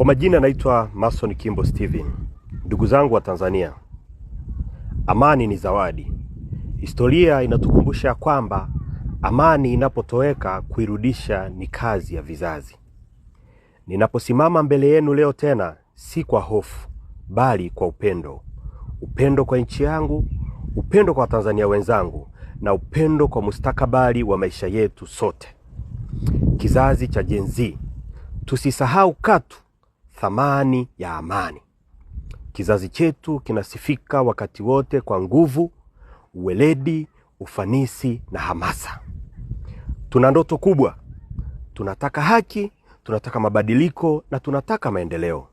Kwa majina naitwa Mason Kimbo Steven. Ndugu zangu wa Tanzania, amani ni zawadi. Historia inatukumbusha kwamba amani inapotoweka, kuirudisha ni kazi ya vizazi. Ninaposimama mbele yenu leo tena, si kwa hofu, bali kwa upendo. Upendo kwa nchi yangu, upendo kwa Watanzania wenzangu, na upendo kwa mustakabali wa maisha yetu sote. Kizazi cha Gen Z, tusisahau katu thamani ya amani. Kizazi chetu kinasifika wakati wote kwa nguvu, uweledi, ufanisi na hamasa. Tuna ndoto kubwa, tunataka haki, tunataka mabadiliko na tunataka maendeleo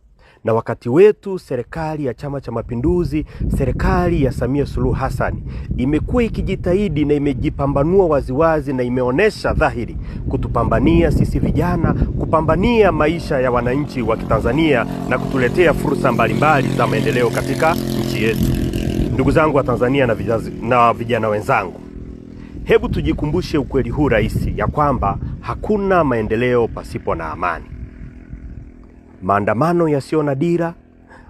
na wakati wetu, serikali ya Chama cha Mapinduzi, serikali ya Samia Suluhu Hassan imekuwa ikijitahidi na imejipambanua waziwazi na imeonyesha dhahiri kutupambania sisi vijana, kupambania maisha ya wananchi wa Kitanzania na kutuletea fursa mbalimbali za maendeleo katika nchi yetu. Ndugu zangu wa Tanzania na vijazi, na vijana wenzangu, hebu tujikumbushe ukweli huu rahisi ya kwamba hakuna maendeleo pasipo na amani maandamano yasiyo na dira,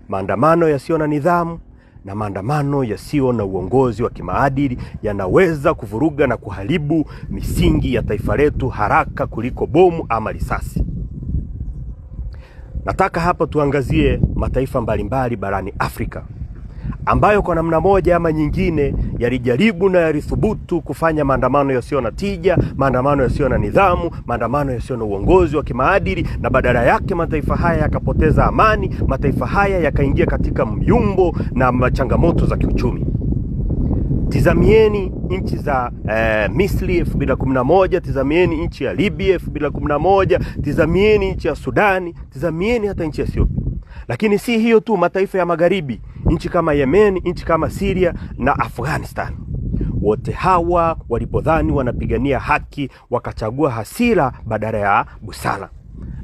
maandamano yasiyo na nidhamu na maandamano yasiyo na uongozi wa kimaadili yanaweza kuvuruga na kuharibu misingi ya taifa letu haraka kuliko bomu ama risasi. Nataka hapa tuangazie mataifa mbalimbali barani Afrika ambayo kwa namna moja ama nyingine yalijaribu na yalithubutu kufanya maandamano yasiyo na tija, maandamano yasiyo na nidhamu, maandamano yasiyo na uongozi wa kimaadili, na badala yake mataifa haya yakapoteza amani, mataifa haya yakaingia katika myumbo na changamoto za kiuchumi. Tizamieni nchi za eh, Misri 2011, tizamieni nchi ya Libya 2011, tizamieni nchi ya Sudani, tizamieni hata nchi ya Ethiopia. Lakini si hiyo tu, mataifa ya magharibi, nchi kama Yemen, nchi kama Syria na Afghanistan, wote hawa walipodhani wanapigania haki, wakachagua hasira badala ya busara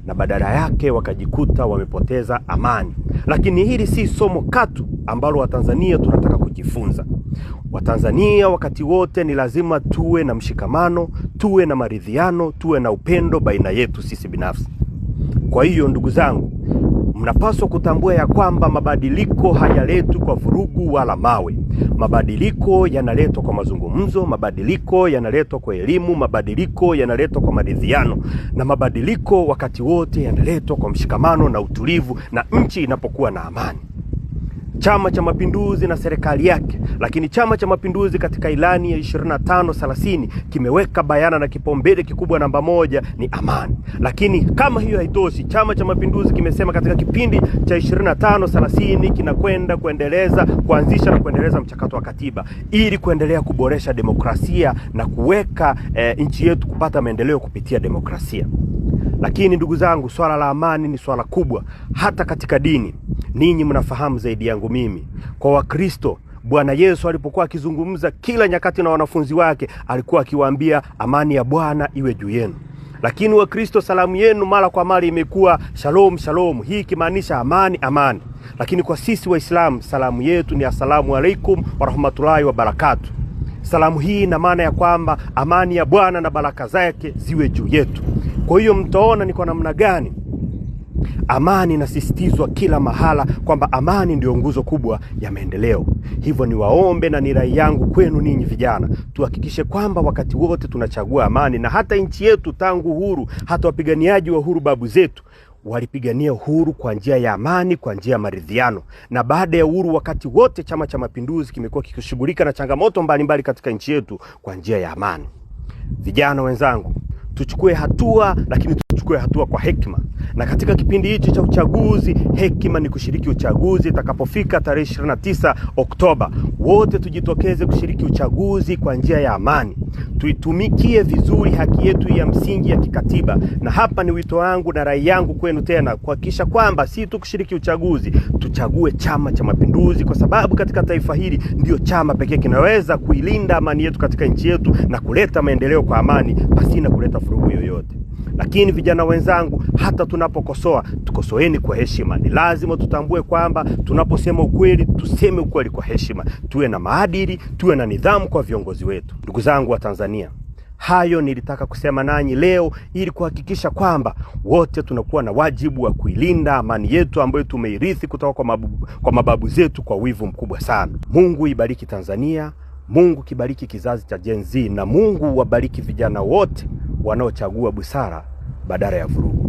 na badala yake wakajikuta wamepoteza amani. Lakini hili si somo katu ambalo Watanzania tunataka kujifunza. Watanzania wakati wote ni lazima tuwe na mshikamano, tuwe na maridhiano, tuwe na upendo baina yetu sisi binafsi. Kwa hiyo ndugu zangu, Mnapaswa kutambua ya kwamba mabadiliko hayaletwi kwa vurugu wala mawe. Mabadiliko yanaletwa kwa mazungumzo, mabadiliko yanaletwa kwa elimu, mabadiliko yanaletwa kwa maridhiano, na mabadiliko wakati wote yanaletwa kwa mshikamano na utulivu, na nchi inapokuwa na amani. Chama cha Mapinduzi na serikali yake. Lakini Chama cha Mapinduzi katika ilani ya 25 30 kimeweka bayana na kipaumbele kikubwa namba moja ni amani. Lakini kama hiyo haitoshi, Chama cha Mapinduzi kimesema katika kipindi cha 25 30 kinakwenda kuendeleza, kuanzisha na kuendeleza mchakato wa katiba ili kuendelea kuboresha demokrasia na kuweka e, nchi yetu kupata maendeleo kupitia demokrasia. Lakini ndugu zangu, swala la amani ni swala kubwa hata katika dini ninyi mnafahamu zaidi yangu mimi. Kwa Wakristo, Bwana Yesu alipokuwa akizungumza kila nyakati na wanafunzi wake, alikuwa akiwaambia amani ya Bwana iwe juu yenu. Lakini Wakristo, salamu yenu mara kwa mara imekuwa shalom shalom, hii ikimaanisha amani amani. Lakini kwa sisi Waislamu, salamu yetu ni assalamu alaikum warahmatullahi wabarakatu. Salamu hii ina maana ya kwamba amani ya Bwana na baraka zake ziwe juu yetu. Kwa hiyo mtaona ni kwa namna gani Amani inasisitizwa kila mahala kwamba amani ndiyo nguzo kubwa ya maendeleo. Hivyo ni waombe na ni rai yangu kwenu ninyi vijana, tuhakikishe kwamba wakati wote tunachagua amani, na hata nchi yetu tangu uhuru, hata wapiganiaji wa uhuru babu zetu walipigania uhuru kwa njia ya amani, kwa njia ya maridhiano. Na baada ya uhuru, wakati wote Chama cha Mapinduzi kimekuwa kikishughulika na changamoto mbalimbali mbali katika nchi yetu kwa njia ya amani. Vijana wenzangu, tuchukue hatua lakini tuchukue hatua kwa hekima, na katika kipindi hichi cha uchaguzi hekima ni kushiriki uchaguzi. Itakapofika tarehe 29 Oktoba, wote tujitokeze kushiriki uchaguzi kwa njia ya amani, tuitumikie vizuri haki yetu ya msingi ya kikatiba. Na hapa ni wito wangu na rai yangu kwenu tena kuhakikisha kwamba si tu kushiriki uchaguzi, tuchague Chama cha Mapinduzi, kwa sababu katika taifa hili ndio chama pekee kinaweza kuilinda amani yetu katika nchi yetu na kuleta maendeleo kwa amani pasina kuleta furugu yoyote. Lakini vijana wenzangu, hata tunapokosoa tukosoeni kwa heshima. Ni lazima tutambue kwamba tunaposema ukweli tuseme ukweli kwa heshima, tuwe na maadili, tuwe na nidhamu kwa viongozi wetu. Ndugu zangu wa Tanzania, hayo nilitaka kusema nanyi leo ili kuhakikisha kwamba wote tunakuwa na wajibu wa kuilinda amani yetu ambayo tumeirithi kutoka kwa mababu, kwa mababu zetu kwa wivu mkubwa sana. Mungu ibariki Tanzania, Mungu kibariki kizazi cha Gen na Mungu wabariki vijana wote wanaochagua busara badala ya vurugu.